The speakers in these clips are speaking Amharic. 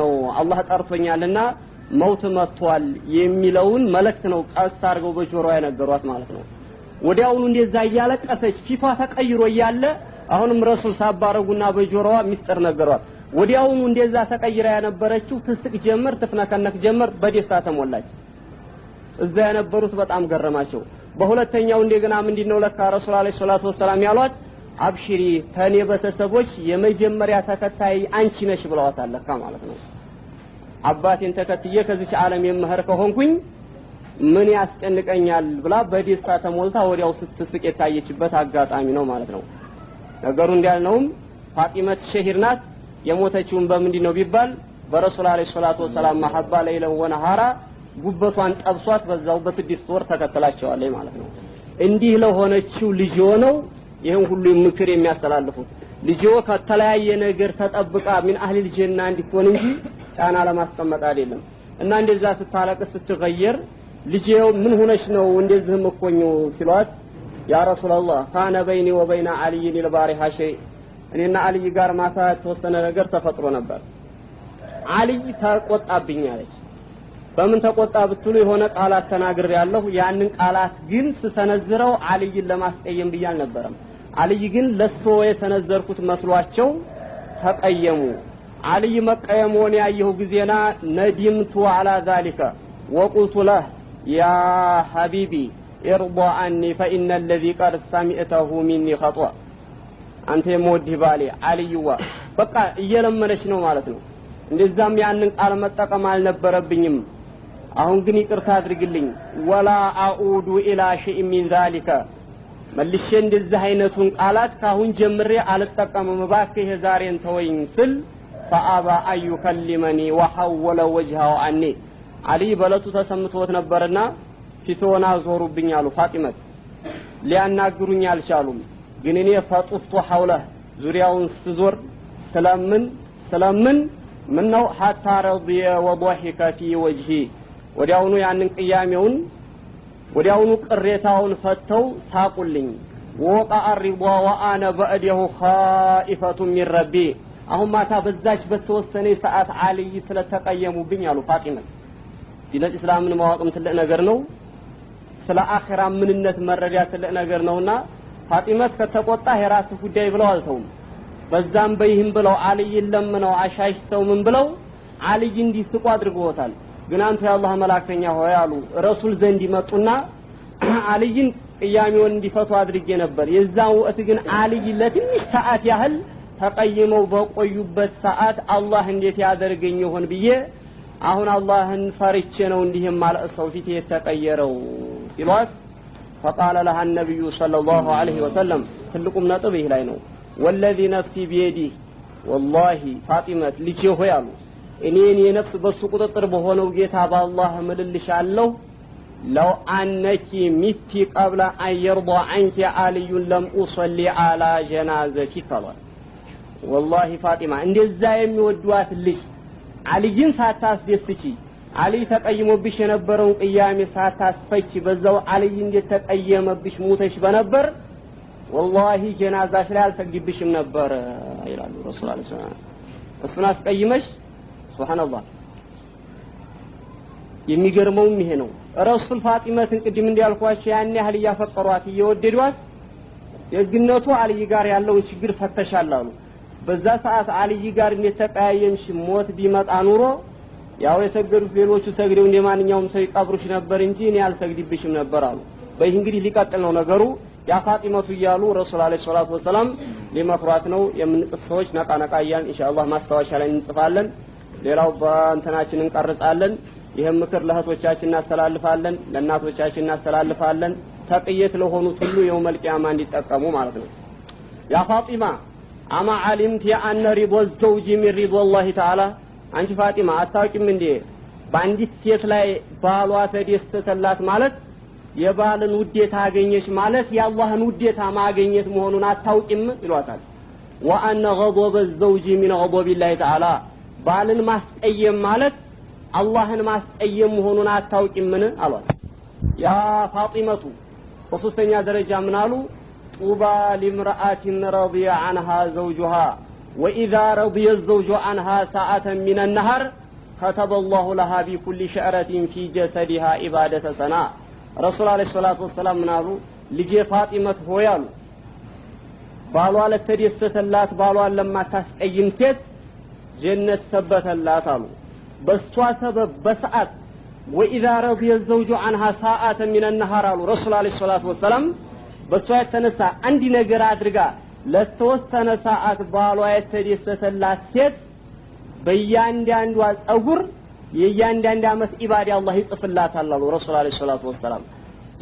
ነው አላህ ጠርቶኛልና መውት መጥቷል የሚለውን መልእክት ነው ቀስ አድርገው በጆሮ ያነገሯት ማለት ነው። ወዲያውኑ እንደዛ እያለቀሰች ፊቷ ተቀይሮ እያለ አሁንም ረሱል ሳባረጉና በጆሮዋ ሚስጥር ነገሯት። ወዲያውኑ እንደዛ ተቀይራ የነበረችው ትስቅ ጀመር፣ ትፍነከነክ ጀመር፣ በደስታ ተሞላች። እዛ የነበሩት በጣም ገረማቸው። በሁለተኛው እንደገና ምንድን ለካ ረሱል አለይሂ ሰላቱ ወሰላም ያሏት አብሽሪ ተኔ በተሰቦች የመጀመሪያ ተከታይ አንቺ ነሽ ብለዋታል። ለካ ማለት ነው አባቴን ተከትዬ ከዚች ዓለም የመኸር ከሆንኩኝ ምን ያስጨንቀኛል ብላ በደስታ ተሞልታ ወዲያው ስትስቅ የታየችበት አጋጣሚ ነው ማለት ነው። ነገሩ እንዳልነውም ፋጢመት ሸሂር ናት። የሞተችውን በምንድን ነው ቢባል በረሱል አለይሂ ሰላቱ ወሰላም መሐባ ለይለን ወነሃራ ጉበቷን ጠብሷት በዛው በስድስት ወር ተከተላቸዋለች ማለት ነው። እንዲህ ለሆነችው ልጅ ሆነው ይህን ሁሉ ምክር የሚያስተላልፉት ልጆ ከተለያየ ነገር ተጠብቃ ምን አህል ልጅና እንዲትሆን እንጂ ጫና ለማስቀመጥ አይደለም። እና እንደዛ ስታለቅስ ስትቀየር ልጄው ምን ሆነች ነው እንደዚህ እኮኝ ሲሏት ያ ረሱላህ ካነ በይኒ ወበይነ አልይን ልባሪሃ ሸይ እኔና አልይ ጋር ማታ የተወሰነ ነገር ተፈጥሮ ነበር። አልይ ተቆጣብኝ አለች። በምን ተቆጣ ብትሉ የሆነ ቃላት ተናግር ያለሁ። ያንን ቃላት ግን ስሰነዝረው አልይን ለማስቀየም ብዬ አልነበረም። አልይ ግን ለሶ የተነዘርኩት መስሏቸው ተቀየሙ። አልይ መቀየሞን ያየሁ ጊዜና ነዲምቱ አላ ዛሊከ ወቁልቱ ለህ ያ ሀቢቢ ኢርዳ አኒ ፈኢነ ለዚ ቀድ ሰሚዕተሁ ሚኒ ኸጥወ አንተ የምወድህ ባሌ አልይዋ በቃ እየለመነች ነው ማለት ነው። እንደዛም ያንን ቃል መጠቀም አልነበረብኝም። አሁን ግን ይቅርታ አድርግልኝ። ወላ አኡዱ ኢላ ሸይእ ሚን ዛሊከ መልሼ እንደዚህ አይነቱን ቃላት ካሁን ጀምሬ አልጠቀምም፣ እባክህ የዛሬን ተወኝ ስል ፈአባ አዩከሊመኒ ወሐወለ ወጅሃው አኔ አልይ በለቱ ተሰምቶት ነበርና ፊትሆን አዞሩብኝ አሉ ፋጢመት። ሊያናግሩኝ አልቻሉም። ግን እኔ ፈጡፍቱ ሐውለህ ዙሪያውን ስዞር ስለምን ስለምን ምነው ሐታ ረضየ ወضሒከ ፊ ወጅሂ ወዲያውኑ ያንን ቅያሜውን ወዲያውኑ ቅሬታውን ፈተው ሳቁልኝ ወቃ ሪዷ ወአነ በእድሁ ኻኢፈቱ ሚን ረቢ አሁን ማታ በዛች በተወሰነ ሰዓት አልይ ስለተቀየሙብኝ አሉ ፋጢመት ዲነት እስላምን ማወቅም ትልቅ ነገር ነው ስለ አኺራ ምንነት መረዳት ትልቅ ነገር ነውና ፋጢመት ከተቆጣ የራስህ ጉዳይ ብለው አልተውም በዛም በይህም ብለው አልይን ለምነው አሻሽተው ምን ብለው አልይ እንዲስቁ አድርገውታል ግን አንተ የአላህ መላክተኛ ሆይ አሉ ረሱል ዘንድ ይመጡና አልይን ቅያሜውን እንዲፈቱ አድርጌ ነበር የዛን ወቅት ግን አልይ ለትንሽ ሰዓት ያህል ተቀይመው በቆዩበት ሰዓት አላህ እንዴት ያደርገኝ ይሆን ብዬ አሁን አላህን ፈርቼ ነው እንዲህ ማለት ሰው ፊት የተቀየረው ሲሏት فقال لها النبي صلى الله عليه وسلم ትልቁም ነጥብ ይህ ላይ ነው ወለዚ ነፍሲ ቢየዲህ ወላሂ ፋጢመት ልጄ ሆይ አሉ እኔን የነፍስ በሱ ቁጥጥር በሆነው ጌታ በአላህ ምልልሻለሁ ለው አነኪ ሚቲ ቀብለ አንየርض አንኪ አልዩን ለም ኡሰሊ አላ ጀናዘቲ ተሏል። ወላሂ ፋጢማ እንደዛ የሚወዷት ልጅ አልይን ሳታስደስቺ አልይ ተቀይሞብሽ የነበረውን ቅያሜ ሳታስፈቺ በዛው አልይ እንዴት ተቀየመብሽ ሙተሽ በነበር ወላሂ ጀናዛሽ ላይ አልሰግድብሽም ነበር ይላሉ ረሱል አለ እሱን አስቀይመሽ ሱብሃንአላህ የሚገርመውም ይሄ ነው። ረሱል ፋጢመትን ቅድም እንዳልኳቸው ያን ያህል እያፈቀሯት እየወደዷት ደግነቱ አልይ ጋር ያለውን ችግር ፈተሻል አሉ። በዛ ሰዓት አልይ ጋር የተቀያየምሽ ሞት ቢመጣ ኑሮ ያው የሰገዱት ሌሎቹ ሰግደው እንደ ማንኛውም ሰው ይቀብሩሽ ነበር እንጂ እኔ አልሰግድብሽም ነበር አሉ። በይህ እንግዲህ ሊቀጥል ነው ነገሩ። ያ ፋጢመቱ እያሉ ረሱል አለይሂ ሰላቱ ወሰላም ሊመክሯት ነው። የምንጽፍ ሰዎች ነቃ ነቃ እያልን ኢንሻአላህ ማስታወሻ ላይ እንጽፋለን። ሌላው በእንትናችን እንቀርጻለን። ይህም ምክር ለእህቶቻችን እናስተላልፋለን፣ ለእናቶቻችን እናስተላልፋለን። ተቅየት ለሆኑት ሁሉ የውመል ቂያማ እንዲጠቀሙ ማለት ነው። ያ ፋጢማ አማ ዓሊምት የአነ ሪዶ ዘውጂ ሚን ሪዶ ላሂ ተዓላ አንቺ ፋጢማ አታውቂም እንዴ በአንዲት ሴት ላይ ባሏ ተደስተተላት ማለት የባልን ውዴታ አገኘች ማለት የአላህን ውዴታ ማገኘት መሆኑን አታውቂም ይሏታል። ወአነ ገዶበ ዘውጂ ሚን ቦቢላ ተዓላ ባልን ማስቀየም ማለት አላህን ማስቀየም መሆኑን አታውቂምን አሏት ያ ፋጢመቱ በሶስተኛ ደረጃ ምን አሉ ጡባ ሊምርአትን ረضየ አንሃ ዘውጁሃ ወኢዛ ረضየ ዘውጁ አንሃ ሰዓተን ሚን ከተበ ላሁ ለሃ ቢኩል ሸዕረትን ፊ ጀሰዲሃ ኢባደተ ሰና ረሱል አለ ሰላቱ ወሰላም ምን አሉ ልጄ ፋጢመት ሆይ አሉ ባሏ ለተደሰተላት ባሏን ለማታስቀይም ሴት ጀነት ሰበተላት አሉ። በእሷ ሰበብ በሰዓት ወኢዛ ረዲየ ዘውጁ አንሃ ሰዓተ ሚነ አሉ ረሱል ዓለይሂ ሰላቱ ወሰላም። በእሷ የተነሳ አንድ ነገር አድርጋ ለተወሰነ ሰዓት ባሏ የተደሰተላት ሴት በእያንዳንዷ ጸጉር የእያንዳንድ ዓመት ኢባዳ አላህ ይጽፍላታል አሉ ረሱል ዓለይሂ ሰላቱ ወሰላም።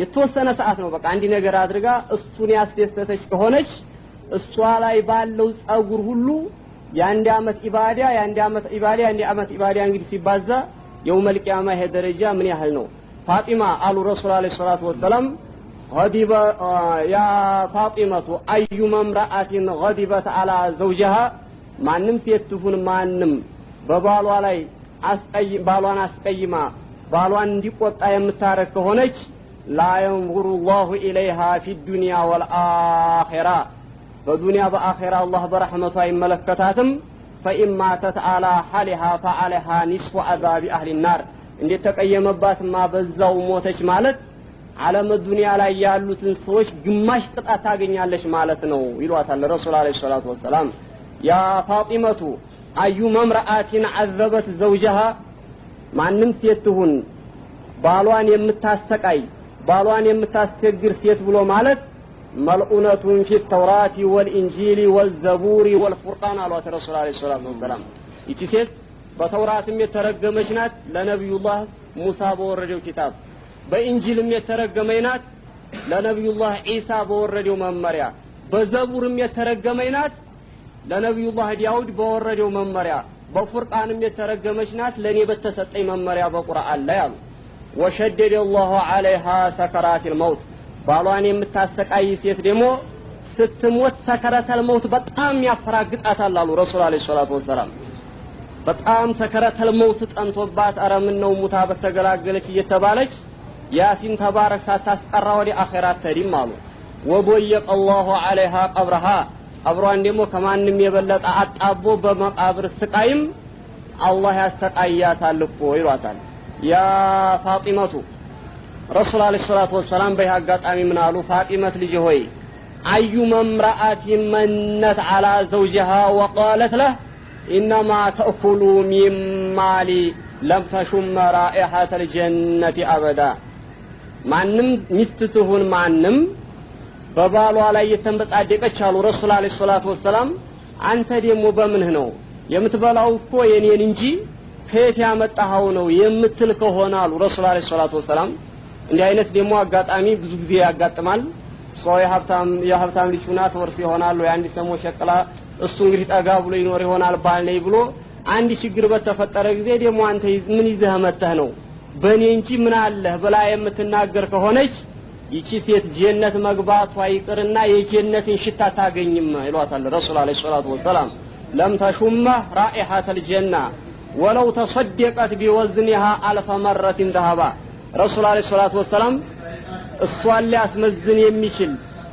የተወሰነ ሰዓት ነው በቃ አንድ ነገር አድርጋ እሱን ያስደሰተች ከሆነች እሷ ላይ ባለው ጸጉር ሁሉ የአንድ አመት ኢባዳ የአንድ አመት ኢባዳ የአንድ አመት ኢባዳ እንግዲህ ሲባዛ የውመል ቂያማ ይሄ ደረጃ ምን ያህል ነው? ፋጢማ አሉ ረሱል አለይሂ ሰላቱ ወሰላም غضب يا فاطمة أيما امرأة غضبت على زوجها ማንም ሴት ትሁን ማንም በባሏ ላይ ባሏን አስቀይማ ባሏን እንዲቆጣ የምታረግ ከሆነች لا ينظر الله ኢለይሃ في الدنيا ወልአኺራ በዱንያ በአኼራ አላህ በረሕመቱ አይመለከታትም ፈኢን ማተት አላ ሐሊሃ ፈአለሃ ኒስፉ አዛቢ አህሊ ናር እንዴት ተቀየመባትማ በዛው ሞተች ማለት አለም ዱንያ ላይ ያሉትን ሰዎች ግማሽ ቅጣት ታገኛለች ማለት ነው ይሏታል ረሱል አለ ሰላቱ ወሰላም ያ ፋጢመቱ አዩ መምረአቲን አዘበት ዘውጀሃ ማንም ሴት ትሁን ባሏን የምታሰቃይ ባሏን የምታስቸግር ሴት ብሎ ማለት መልኡነቱን ፊ ተውራት ወልኢንጂል ወልዘቡር ወልፉርቃን አሏት ረሱል አለ ሰላት ወሰላም ይቺ ሴት በተውራትም የተረገመች ናት ለነቢዩላህ ሙሳ በወረደው ኪታብ በኢንጂል የተረገመኝ ናት ለነቢዩላህ ዒሳ በወረደው መመሪያ በዘቡርም የተረገመኝ ናት ለነቢዩላህ ዳውድ በወረደው መመሪያ በፉርቃንም የተረገመች ናት ለእኔ በተሰጠኝ መመሪያ በቁርአን ላይ አሉ ወሸደደ ላሁ ዐለይሃ ሰከራት ልመውት ባሏን የምታሰቃይ ሴት ደግሞ ስትሞት ሰከረተል መውት በጣም ያፈራግጣታል አሉ ረሱል ሰላቱ ወሰላም። በጣም ሰከረተል መውት ጠንቶባት አረምን ነው ሙታ በተገላገለች እየተባለች ያሲን ተባረክ ሳታስቀራ ወደ አኼራ ተሪም አሉ። ወዶየቀ አላሁ ዐለይሃ ቀብረሃ ቀብሯን ደግሞ ከማንም የበለጠ አጣቦ በመቃብር ስቃይም አላህ ያስተቃያታል እኮ ይሏታል ያ ፋጢመቱ ረሱል አለ ሰላት ወሰላም በይህ አጋጣሚ ምን አሉ? ፋጢመት ልጅ ሆይ አዩ መምራአቲ መነት አላ ዘውጅሃ ወቃለት ለህ ኢነማ ተእኩሉ ሚማሊ ለም ተሹመ ራኢሐተ ልጀነቲ አበዳ። ማንም ሚስት ትሁን ማንም በባሏ ላይ የተንበጣደቀች አሉ ረሱል አለ ሰላት ወሰላም፣ አንተ ደግሞ በምንህ ነው የምትበላው እኮ የኔን እንጂ ከየት ያመጣኸው ነው የምትል ከሆነ አሉ ረሱል አለ ሰላት ወሰላም እንዲህ አይነት ደግሞ አጋጣሚ ብዙ ጊዜ ያጋጥማል። ሰው የሀብታም የሀብታም ልጅ ሁና ትወርስ ይሆናል ወይ አንድ ሰሞ ሸቅላ እሱ እንግዲህ ጠጋ ብሎ ይኖር ይሆናል ባል ነኝ ብሎ አንድ ችግር በተፈጠረ ጊዜ ደግሞ አንተ ምን ይዘህ መተህ ነው በእኔ እንጂ ምን አለህ ብላ የምትናገር ከሆነች ይቺ ሴት ጀነት መግባቷ ይቅርና የጀነትን ሽታ አታገኝም ይሏታል ረሱል አለ ሰላቱ ወሰላም ለም ተሹመ ራኢሐተል ጀና ወለው ተሰደቀት ቢወዝኒሃ አልፈ መረትን ዘሀባ ረሱል አለ ሰላቱ ወሰላም እሷን ሊያስመዝን የሚችል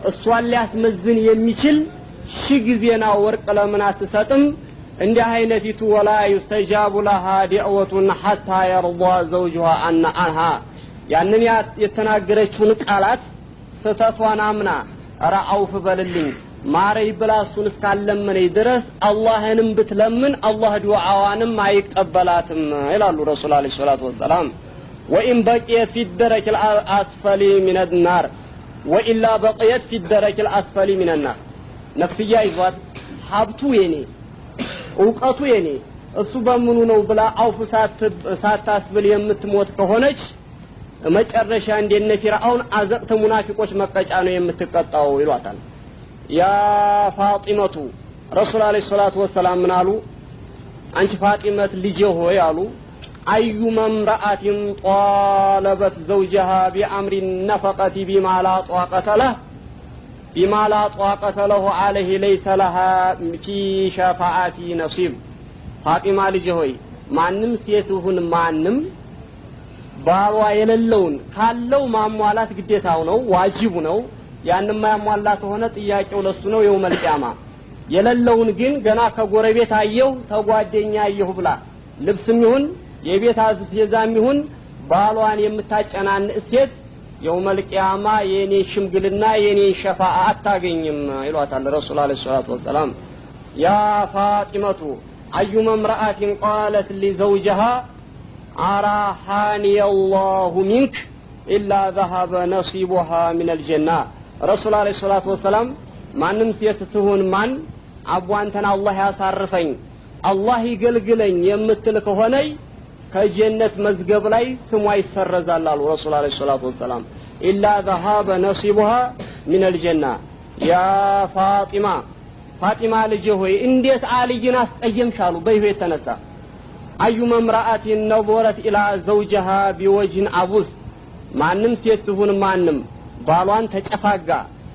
እሷን ሊያስመዝን የሚችል ሺ ጊዜና ወርቅ ለምን አትሰጥም? እንዲህ አይነቲቱ ወላ ዩስተጃቡ ለሃ ዲዕወቱን ሐታ የርዷ ዘውጅሃ አና አንሃ ያንን የተናገረችውን ቃላት ስህተቷን አምና ኧረ አውፍ በልልኝ ማረይ ብላ እሱን እስካለመነኝ ድረስ አላህንም ብትለምን አላህ ዱዓዋንም አይቀበላትም ይላሉ ረሱል አለይሂ ሰላቱ ወሰላም። من النار ፊደረክ አስፈሊ ሚነናር ወኢላ በቅየት ፊደረክ አስፈሊ ሚነናር ነፍስያ ይዟት ሀብቱ የኔ እውቀቱ የኔ እሱ በምኑ ነው ብላ አውፍ ሳታስብል የምትሞት ከሆነች መጨረሻ እንደነ ፊርአውን አዘቅት ሙናፊቆች መቀጫ ነው የምትቀጣው ይሏታል። ያ ፋጢመቱ ረሱል አለይሂ ሰላቱ ወሰላም ምን አሉ? አንቺ ፋጢመት ልጄ ሆይ አሉ አዩ امرأة طالبت زوجها بأمر النفقة بما لا طاقة له بما لا طاقة له عليه ليس ፋጢማ ልጅ ሆይ ማንም ሴት ይሁን ማንም ባሏ የሌለውን ካለው ማሟላት ግዴታው ነው፣ ዋጅቡ ነው። ያንማ ያሟላ ከሆነ ጥያቄው ለሱ ነው የውመል ቂያማ። የሌለውን ግን ገና ከጎረቤት አየሁ ተጓደኛ አየሁ ብላ ልብስም ይሁን የቤት አስቤዛም ይሁን ባሏን የምታጨናንቅ ሴት የውመል ቂያማ የእኔ ሽምግልና የእኔ ሸፋ አታገኝም ይሏታል ረሱል አለ ሰላቱ ወሰላም ያ ፋጢመቱ አዩመ ምርአትን ቃለት ሊዘውጅሃ አራሃኒ አላሁ ሚንክ ኢላ ዘሀበ ነሲቡሃ ምን አልጀና ረሱል አለ ሰላቱ ወሰላም ማንም ሴት ትሁን ማን አቧንተን አላህ ያሳርፈኝ አላህ ይገልግለኝ የምትል ከሆነይ ከጀነት መዝገብ ላይ ስሟ ይሰረዛል አሉ ረሱል አለ ሰላቱ ወሰላም ኢላ ዘሃበ ነሲቡሃ ሚነል ጀና ያ ፋጢማ ፋጢማ ልጄ ሆይ እንዴት አልይን አስቀየምሽ አሉ በይሁ የተነሳ አዩመ እምራአቲን ነظረት ኢላ ዘውጀሃ ቢወጅን አቡስ ማንም ሴት ትሁን ማንም ባሏን ተጨፋጋ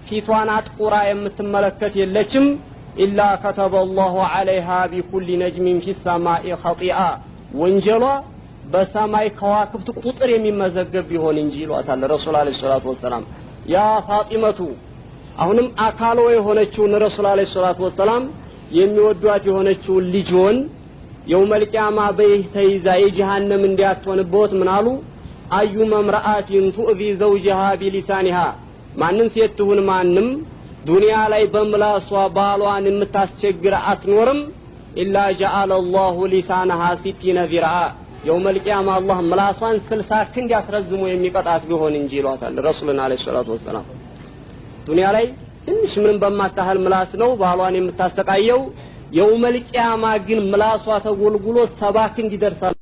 ፊቷን አጥቁራ የምትመለከት የለችም ኢላ ከተበ አላሁ ዐለይሃ ቢኩል ነጅሚን ፊ ሰማኢ ኸጢአ ወንጀሏ በሰማይ ከዋክብት ቁጥር የሚመዘገብ ቢሆን እንጂ ይሏታል ረሱል አለ ሰላቱ ወሰላም ያ ፋጢመቱ አሁንም አካሎ የሆነችውን ረሱል አለ ሰላቱ ወሰላም የሚወዷት የሆነችውን ልጅዎን የውመልቅያማ በይህ ተይዛ የጀሃነም እንዲያትሆንብዎት ምናሉ አዩመ እምረአቲን ቱእዚ ዘውጅሃ ቢሊሳኒሃ ማንም ሴት ትሁን ማንም ዱንያ ላይ በምላሷ ባሏን የምታስቸግር አትኖርም ኢላ ጀአለ ላሁ ሊሳነሃ ሲቲነ ዚርአ የውመልቅያማ አላህ ምላሷን ስልሳ ክንድ ያስረዝሙ የሚቀጣት ቢሆን እንጂ ይሏታል ረሱልን አለ ሰላቱ ወሰላም ዱኒያ ላይ ትንሽ ምንም በማታህል ምላስ ነው ባሏን የምታሰቃየው የውመልቅያማ ግን ምላሷ ተጎልጉሎ ሰባ ክንድ ይደርሳል